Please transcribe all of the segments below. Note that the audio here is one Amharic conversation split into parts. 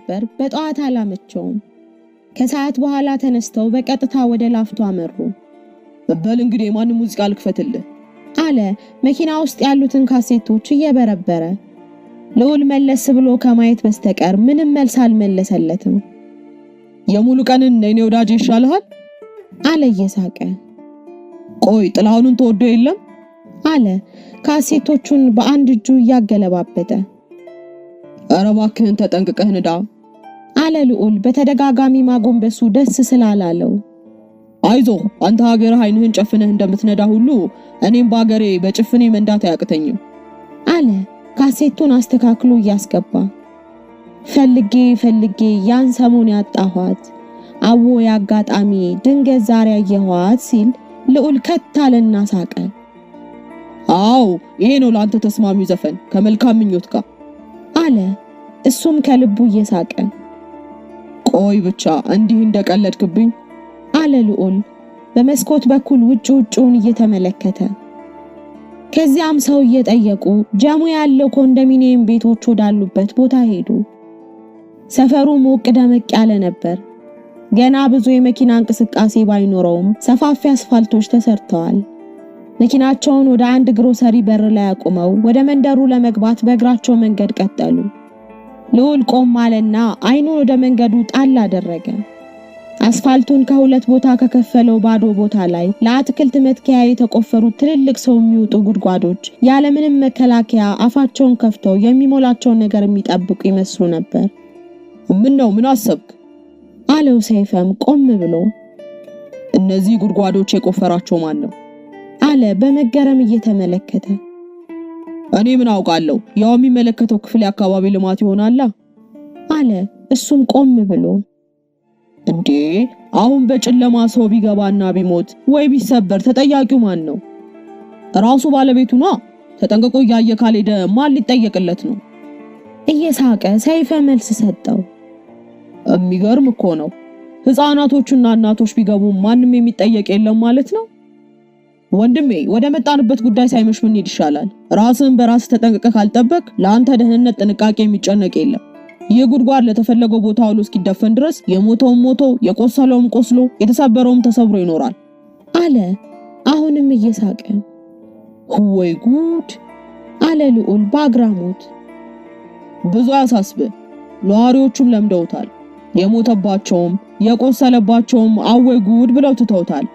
ነበር፣ በጠዋት አላመቸውም። ከሰዓት በኋላ ተነስተው በቀጥታ ወደ ላፍቶ አመሩ። በል እንግዲህ የማንም ሙዚቃ ልክፈትልህ አለ፣ መኪና ውስጥ ያሉትን ካሴቶች እየበረበረ። ልዑል መለስ ብሎ ከማየት በስተቀር ምንም መልስ አልመለሰለትም። የሙሉ ቀንን ነኔ ወዳጅ ይሻልሃል አለ እየሳቀ። ቆይ ጥላሁንን ተወዶ የለም አለ ካሴቶቹን በአንድ እጁ እያገለባበጠ። ኧረ እባክህን ተጠንቅቀህ ንዳ አለ ልዑል በተደጋጋሚ ማጎንበሱ ደስ ስላላለው። አይዞ! አንተ ሀገርህ አይንህን ጨፍነህ እንደምትነዳ ሁሉ እኔም በሀገሬ በጭፍኔ መንዳት አያቅተኝም አለ ካሴቱን አስተካክሎ እያስገባ። ፈልጌ ፈልጌ ያን ሰሞን ያጣኋት አዎ ያጋጣሚ ድንገት ዛሬ አየኋት ሲል ልዑል ከታለና ሳቀ። አዎ ይሄ ነው ለአንተ ተስማሚው ዘፈን ከመልካም ምኞት ጋር አለ እሱም ከልቡ እየሳቀ ቆይ ብቻ እንዲህ እንደቀለድክብኝ አለ ልዑል በመስኮት በኩል ውጭ ውጭውን እየተመለከተ። ከዚያም ሰው እየጠየቁ ጀሙ ያለው ኮንዶሚኒየም ቤቶች ወዳሉበት ቦታ ሄዱ። ሰፈሩ ሞቅ ደመቅ ያለ ነበር። ገና ብዙ የመኪና እንቅስቃሴ ባይኖረውም ሰፋፊ አስፋልቶች ተሰርተዋል። መኪናቸውን ወደ አንድ ግሮሰሪ በር ላይ አቁመው ወደ መንደሩ ለመግባት በእግራቸው መንገድ ቀጠሉ። ልዑል ቆም አለና አይኑን ወደ መንገዱ ጣል አደረገ። አስፋልቱን ከሁለት ቦታ ከከፈለው ባዶ ቦታ ላይ ለአትክልት መትከያ የተቆፈሩ ትልልቅ ሰው የሚወጡ ጉድጓዶች ያለምንም መከላከያ አፋቸውን ከፍተው የሚሞላቸውን ነገር የሚጠብቁ ይመስሉ ነበር። ምን ነው? ምን አሰብክ? አለው ሰይፈም ቆም ብሎ። እነዚህ ጉድጓዶች የቆፈራቸው ማን ነው? አለ በመገረም እየተመለከተ እኔ ምን አውቃለሁ፣ ያው የሚመለከተው ክፍል የአካባቢ ልማት ይሆናላ አለ። እሱም ቆም ብሎ እንዴ አሁን በጨለማ ሰው ቢገባና ቢሞት ወይ ቢሰበር ተጠያቂው ማን ነው? ራሱ ባለቤቱ ኗ። ተጠንቅቆ እያየ ካልሄደ ማን ሊጠየቅለት ነው? እየሳቀ ሰይፈ መልስ ሰጠው። የሚገርም እኮ ነው። ህፃናቶቹና እናቶች ቢገቡ ማንም የሚጠየቅ የለም ማለት ነው። ወንድሜ ወደ መጣንበት ጉዳይ ሳይመሽ ምንሄድ ይሻላል። ራስን በራስ ተጠንቀቀ ካልጠበቅ ለአንተ ደህንነት ጥንቃቄ የሚጨነቅ የለም። ይህ ጉድጓድ ለተፈለገው ቦታ ውሎ እስኪደፈን ድረስ የሞተውም ሞቶ የቆሰለውም ቆስሎ የተሰበረውም ተሰብሮ ይኖራል አለ አሁንም እየሳቀ። ወይ ጉድ አለ ልዑል በአግራሞት። ብዙ አያሳስብ፣ ነዋሪዎቹም ለምደውታል። የሞተባቸውም የቆሰለባቸውም አወይ ጉድ ብለው ትተውታል።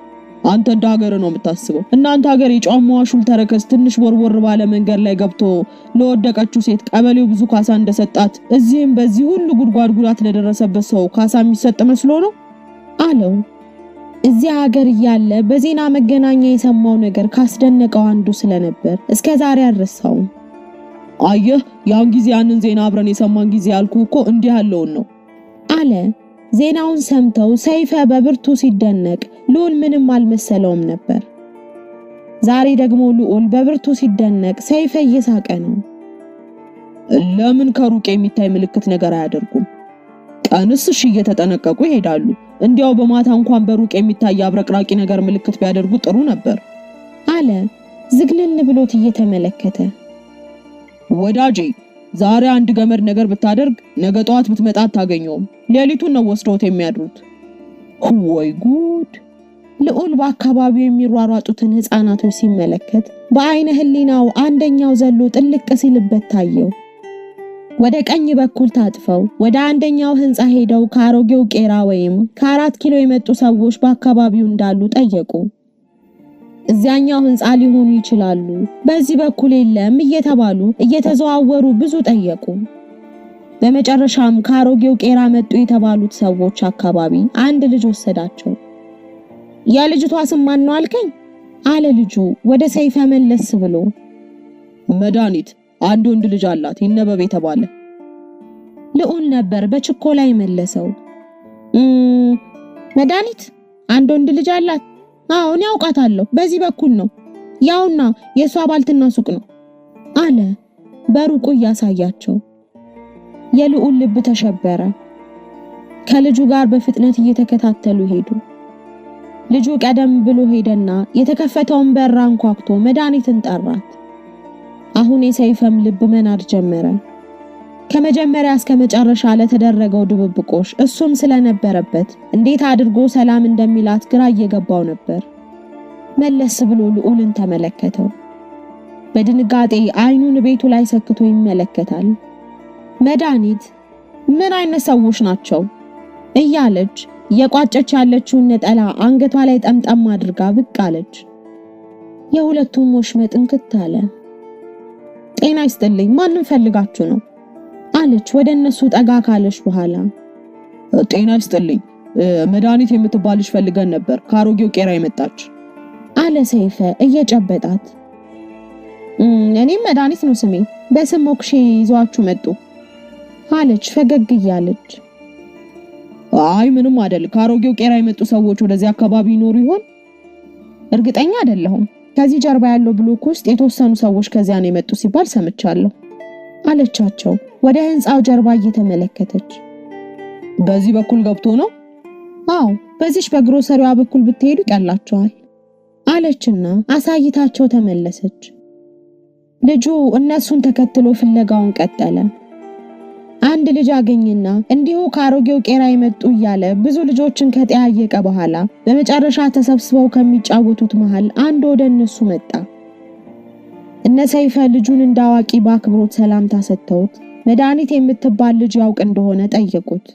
አንተ እንደ ሀገር ነው የምታስበው። እናንተ ሀገር የጫማዋ ሹል ተረከዝ ትንሽ ወርወር ባለ መንገድ ላይ ገብቶ ለወደቀችው ሴት ቀበሌው ብዙ ካሳ እንደሰጣት እዚህም በዚህ ሁሉ ጉድጓድ ጉዳት ለደረሰበት ሰው ካሳ የሚሰጥ መስሎ ነው አለው። እዚያ ሀገር እያለ በዜና መገናኛ የሰማው ነገር ካስደነቀው አንዱ ስለነበር እስከ ዛሬ አልረሳውም። አየህ ያን ጊዜ ያንን ዜና አብረን የሰማን ጊዜ ያልኩ እኮ እንዲህ ያለውን ነው አለ። ዜናውን ሰምተው ሰይፈ በብርቱ ሲደነቅ ልዑል ምንም አልመሰለውም ነበር። ዛሬ ደግሞ ልዑል በብርቱ ሲደነቅ ሰይፈ እየሳቀ ነው። ለምን ከሩቅ የሚታይ ምልክት ነገር አያደርጉም? ቀንስ እሺ እየተጠነቀቁ ይሄዳሉ። እንዲያው በማታ እንኳን በሩቅ የሚታይ አብረቅራቂ ነገር ምልክት ቢያደርጉ ጥሩ ነበር አለ ዝግልል ብሎት እየተመለከተ። ወዳጄ ዛሬ አንድ ገመድ ነገር ብታደርግ ነገ ጠዋት ብትመጣ አታገኘውም። ሌሊቱን ነው ወስደውት የሚያድሩት። ወይ ጉድ! ልዑል በአካባቢው የሚሯሯጡትን ሕፃናቶች ሲመለከት በአይነ ህሊናው አንደኛው ዘሎ ጥልቅ ሲልበት ታየው። ወደ ቀኝ በኩል ታጥፈው ወደ አንደኛው ህንፃ ሄደው ከአሮጌው ቄራ ወይም ከአራት ኪሎ የመጡ ሰዎች በአካባቢው እንዳሉ ጠየቁ። እዚያኛው ህንፃ ሊሆኑ ይችላሉ፣ በዚህ በኩል የለም እየተባሉ እየተዘዋወሩ ብዙ ጠየቁ። በመጨረሻም ከአሮጌው ቄራ መጡ የተባሉት ሰዎች አካባቢ አንድ ልጅ ወሰዳቸው። ልጅቷ ስም ማን ነው አልከኝ? አለ ልጁ ወደ ሰይፈ መለስ ብሎ። መድኃኒት አንድ ወንድ ልጅ አላት ይነበብ የተባለ ልዑል ነበር ላይ መለሰው መድኃኒት አንድ ወንድ ልጅ አላት? አዎ እኔ አውቃታለሁ። በዚህ በኩል ነው ያውና የእሷ ባልትና ሱቅ ነው አለ በሩቁ እያሳያቸው። የልዑል ልብ ተሸበረ። ከልጁ ጋር በፍጥነት እየተከታተሉ ሄዱ። ልጁ ቀደም ብሎ ሄደና የተከፈተውን በር አንኳኩቶ መድኃኒትን ጠራት። አሁን የሰይፈም ልብ መናድ ጀመረ። ከመጀመሪያ እስከ መጨረሻ ለተደረገው ድብብቆሽ እሱም ስለነበረበት እንዴት አድርጎ ሰላም እንደሚላት ግራ እየገባው ነበር። መለስ ብሎ ልዑልን ተመለከተው። በድንጋጤ አይኑን ቤቱ ላይ ሰክቶ ይመለከታል። መድኃኒት ምን አይነት ሰዎች ናቸው እያለች እየቋጨች ያለችውን ነጠላ አንገቷ ላይ ጠምጠም አድርጋ ብቅ አለች። የሁለቱም ወሽመጥ እንክት አለ። ጤና ይስጥልኝ፣ ማንም ፈልጋችሁ ነው አለች ወደ እነሱ ጠጋ ካለች በኋላ። ጤና ይስጥልኝ፣ መድኃኒት የምትባልሽ ፈልገን ነበር፣ ከአሮጌው ቄራ የመጣች አለ ሰይፈ እየጨበጣት። እኔም መድኃኒት ነው ስሜ፣ በስም ሞክሼ ይዟችሁ መጡ አለች ፈገግ እያለች። አይ ምንም አይደል። ከአሮጌው ቄራ የመጡ ሰዎች ወደዚህ አካባቢ ይኖሩ ይሆን? እርግጠኛ አይደለሁም። ከዚህ ጀርባ ያለው ብሎክ ውስጥ የተወሰኑ ሰዎች ከዚያ ነው የመጡ ሲባል ሰምቻለሁ አለቻቸው፣ ወደ ህንፃው ጀርባ እየተመለከተች። በዚህ በኩል ገብቶ ነው? አዎ፣ በዚች በግሮሰሪዋ በኩል ብትሄዱ ይቀላቸዋል አለችና አሳይታቸው ተመለሰች። ልጁ እነሱን ተከትሎ ፍለጋውን ቀጠለ። አንድ ልጅ አገኝና እንዲሁ ከአሮጌው ቄራ የመጡ እያለ ብዙ ልጆችን ከጠያየቀ በኋላ በመጨረሻ ተሰብስበው ከሚጫወቱት መሃል አንድ ወደ እነሱ መጣ። እነ ሰይፈ ልጁን እንደ አዋቂ በአክብሮት ሰላምታ ሰጥተውት መድኃኒት የምትባል ልጅ ያውቅ እንደሆነ ጠየቁት።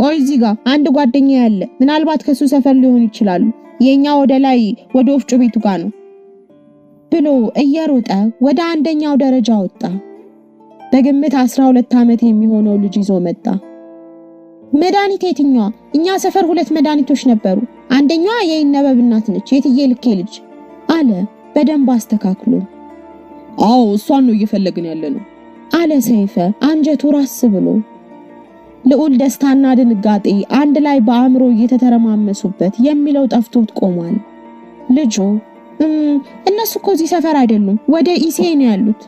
ቆይ እዚህ ጋር አንድ ጓደኛ ያለ ምናልባት ከሱ ሰፈር ሊሆን ይችላሉ። የኛ ወደ ላይ ወደ ወፍጮ ቤቱ ጋር ነው ብሎ እየሮጠ ወደ አንደኛው ደረጃ ወጣ። በግምት 12 ዓመት የሚሆነው ልጅ ይዞ መጣ። መድኃኒት የትኛዋ? እኛ ሰፈር ሁለት መድኃኒቶች ነበሩ። አንደኛዋ የይነበብ እናት ነች፣ የትዬ ልኬ ልጅ አለ በደንብ አስተካክሎ። አዎ እሷን ነው እየፈለግን ያለ ነው አለ ሰይፈ አንጀቱ ራስ ብሎ። ልዑል ደስታና ድንጋጤ አንድ ላይ በአእምሮ እየተተረማመሱበት የሚለው ጠፍቶት ቆሟል። ልጁ እነሱ እኮ እዚህ ሰፈር አይደሉም ወደ ኢሴ ነው ያሉት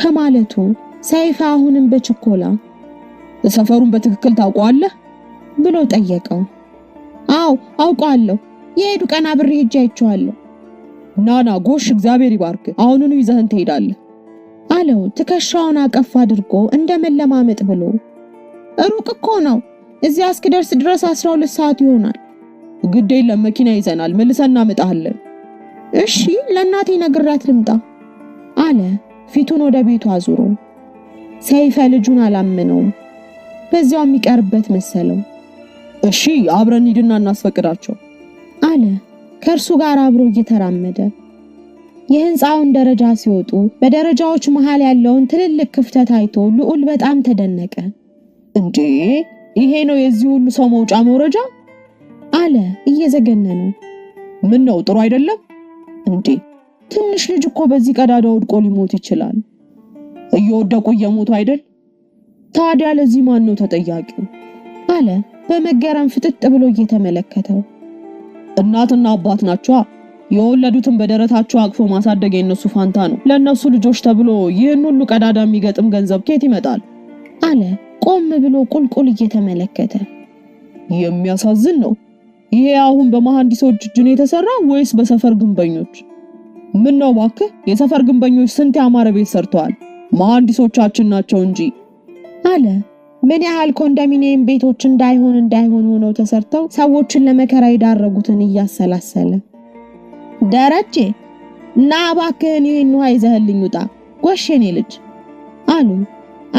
ከማለቱ ሰይፍ አሁንም በችኮላ ሰፈሩን በትክክል ታውቀዋለህ ብሎ ጠየቀው። አው አውቀዋለሁ፣ የሄዱ ቀን አብሬ ሄጄ አይቼዋለሁ። ናና ጎሽ፣ እግዚአብሔር ይባርክ፣ አሁኑኑ ይዘህን ትሄዳለህ አለው። ትከሻውን አቀፍ አድርጎ እንደ መለማመጥ ብሎ ሩቅ እኮ ነው፣ እዚያ እስክደርስ ድረስ 12 ሰዓት ይሆናል። ግድ የለም መኪና ይዘናል፣ መልሰን እናመጣለን። እሺ፣ ለእናቴ ነግራት ልምጣ አለ ፊቱን ወደ ቤቱ አዙሮ ሰይፈ ልጁን አላመነውም። በዚያው የሚቀርበት መሰለው። እሺ አብረን ሂድና እናስፈቅዳቸው አለ ከእርሱ ጋር አብሮ እየተራመደ። የህንፃውን ደረጃ ሲወጡ በደረጃዎች መሃል ያለውን ትልልቅ ክፍተት አይቶ ልዑል በጣም ተደነቀ። እንዴ ይሄ ነው የዚህ ሁሉ ሰው መውጫ መውረጃ? አለ እየዘገነነው። ምን ነው ጥሩ አይደለም እንዴ? ትንሽ ልጅ እኮ በዚህ ቀዳዳ ወድቆ ሊሞት ይችላል። እየወደቁ እየሞቱ አይደል? ታዲያ ለዚህ ማን ነው ተጠያቂው? አለ በመገረም ፍጥጥ ብሎ እየተመለከተው። እናትና አባት ናቸዋ። የወለዱትን በደረታቸው አቅፎ ማሳደግ የእነሱ ፋንታ ነው። ለእነሱ ልጆች ተብሎ ይህን ሁሉ ቀዳዳ የሚገጥም ገንዘብ ኬት ይመጣል? አለ ቆም ብሎ ቁልቁል እየተመለከተ። የሚያሳዝን ነው። ይሄ አሁን በመሐንዲሶች ነው የተሰራ ወይስ በሰፈር ግንበኞች? ምን ነው ባክህ፣ የሰፈር ግንበኞች ስንት ያማረ ቤት ሰርተዋል። መሐንዲሶቻችን ናቸው እንጂ አለ። ምን ያህል ኮንዶሚኒየም ቤቶች እንዳይሆን እንዳይሆን ሆነው ተሰርተው ሰዎችን ለመከራ የዳረጉትን እያሰላሰለ ደረጀ እና እባክህን ይህን ውሃ ይዘህልኝ ውጣ ጎሽኔ ልጅ አሉ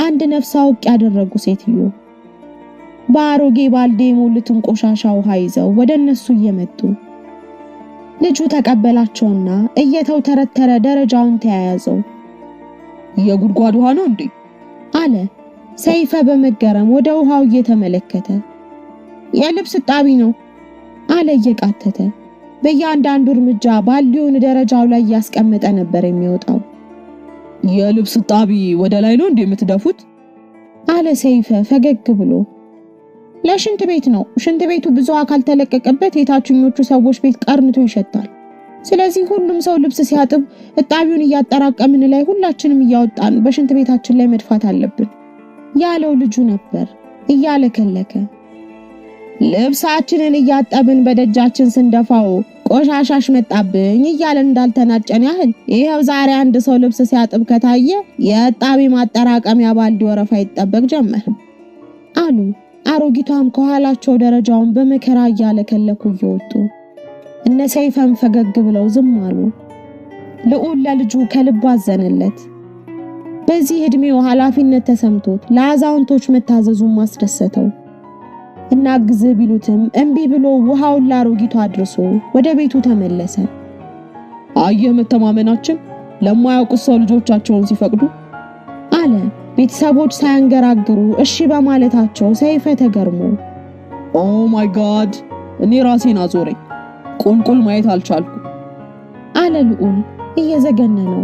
አንድ ነፍስ አውቅ ያደረጉ ሴትዮ። በአሮጌ ባልዴ የሞሉትን ቆሻሻ ውሃ ይዘው ወደ እነሱ እየመጡ ልጁ ተቀበላቸውና እየተውተረተረ ደረጃውን ተያያዘው። የጉድጓድ ውሃ ነው እንዴ? አለ ሰይፈ በመገረም ወደ ውሃው እየተመለከተ። የልብስ ጣቢ ነው አለ እየቃተተ። በእያንዳንዱ እርምጃ ባልዲውን ደረጃው ላይ እያስቀመጠ ነበር የሚወጣው። የልብስ ጣቢ ወደ ላይ ነው እንዴ የምትደፉት? አለ ሰይፈ ፈገግ ብሎ። ለሽንት ቤት ነው። ሽንት ቤቱ ብዙ አካል ተለቀቀበት። የታችኞቹ ሰዎች ቤት ቀርንቶ ይሸታል። ስለዚህ ሁሉም ሰው ልብስ ሲያጥብ እጣቢውን እያጠራቀምን ላይ ሁላችንም እያወጣን በሽንት ቤታችን ላይ መድፋት አለብን ያለው ልጁ ነበር እያለከለከ። ልብሳችንን እያጠብን በደጃችን ስንደፋው ቆሻሻሽ መጣብኝ እያለን እንዳልተናጨን ያህል ይኸው ዛሬ አንድ ሰው ልብስ ሲያጥብ ከታየ የእጣቢ ማጠራቀሚያ ባልዲ ወረፋ ይጠበቅ ጀመር አሉ። አሮጊቷም ከኋላቸው ደረጃውን በመከራ እያለከለኩ እየወጡ እነ ሰይፈም ፈገግ ብለው ዝም አሉ። ልዑል ለልጁ ከልቡ አዘነለት። በዚህ ዕድሜው ኃላፊነት ተሰምቶት ለአዛውንቶች መታዘዙን ማስደሰተው እና ግዝ ቢሉትም እምቢ ብሎ ውሃውን ላሮጊቱ አድርሶ ወደ ቤቱ ተመለሰ። አየህ መተማመናችን ለማያውቁ ሰው ልጆቻቸውን ሲፈቅዱ አለ። ቤተሰቦች ሳያንገራግሩ እሺ በማለታቸው ሰይፈ ተገርሞ ኦ ማይ ጋድ እኔ ራሴን አዞረኝ ቁልቁል ማየት አልቻልኩ አለ ልዑል ነው።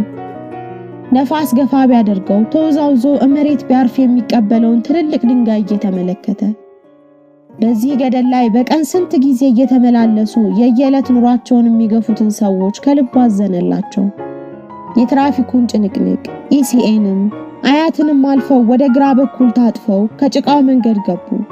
ነፋስ ገፋ ቢያደርገው ተወዛውዞ መሬት ቢያርፍ የሚቀበለውን ትልልቅ ድንጋይ እየተመለከተ በዚህ ገደል ላይ በቀን ስንት ጊዜ እየተመላለሱ የየዕለት ኑሯቸውን የሚገፉትን ሰዎች ከልቡ አዘነላቸው። የትራፊኩን ጭንቅንቅ፣ ኢሲኤንም አያትንም አልፈው ወደ ግራ በኩል ታጥፈው ከጭቃው መንገድ ገቡ።